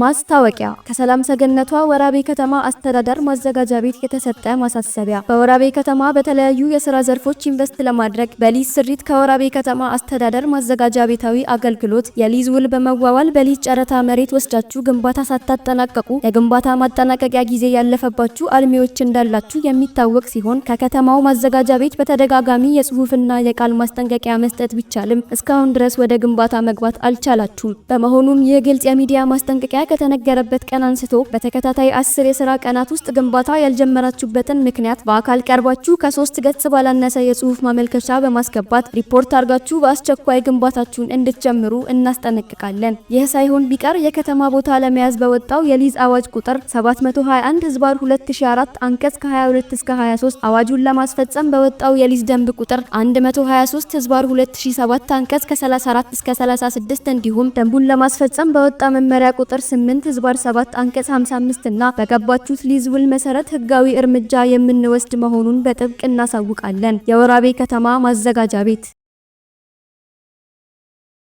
ማስታወቂያ ከሰላም ሰገነቷ ወራቤ ከተማ አስተዳደር ማዘጋጃ ቤት የተሰጠ ማሳሰቢያ። በወራቤ ከተማ በተለያዩ የስራ ዘርፎች ኢንቨስት ለማድረግ በሊዝ ስሪት ከወራቤ ከተማ አስተዳደር ማዘጋጃ ቤታዊ አገልግሎት የሊዝ ውል በመዋዋል በሊዝ ጨረታ መሬት ወስዳችሁ ግንባታ ሳታጠናቀቁ የግንባታ ማጠናቀቂያ ጊዜ ያለፈባችሁ አልሚዎች እንዳላችሁ የሚታወቅ ሲሆን ከከተማው ማዘጋጃ ቤት በተደጋጋሚ የጽሁፍና የቃል ማስጠንቀቂያ መስጠት ቢቻልም እስካሁን ድረስ ወደ ግንባታ መግባት አልቻላችሁም። በመሆኑም ይህ ግልጽ የሚዲያ ማስጠንቀቂያ ኢትዮጵያ ከተነገረበት ቀን አንስቶ በተከታታይ አስር የስራ ቀናት ውስጥ ግንባታ ያልጀመራችሁበትን ምክንያት በአካል ቀርባችሁ ከሶስት ገጽ ባላነሰ የጽሁፍ ማመልከቻ በማስገባት ሪፖርት አድርጋችሁ በአስቸኳይ ግንባታችሁን እንድትጀምሩ እናስጠነቅቃለን። ይህ ሳይሆን ቢቀር የከተማ ቦታ ለመያዝ በወጣው የሊዝ አዋጅ ቁጥር 721 ህዝባር 2004 አንቀጽ ከ22 እስከ 23 አዋጁን ለማስፈጸም በወጣው የሊዝ ደንብ ቁጥር 123 ህዝባር 2007 አንቀጽ ከ34 እስከ 36 እንዲሁም ደንቡን ለማስፈጸም በወጣ መመሪያ ቁጥር 8 ህዝባር 7 አንቀጽ 55 እና በገባችሁት ሊዝ ውል መሰረት ህጋዊ እርምጃ የምንወስድ መሆኑን በጥብቅ እናሳውቃለን። የወራቤ ከተማ ማዘጋጃ ቤት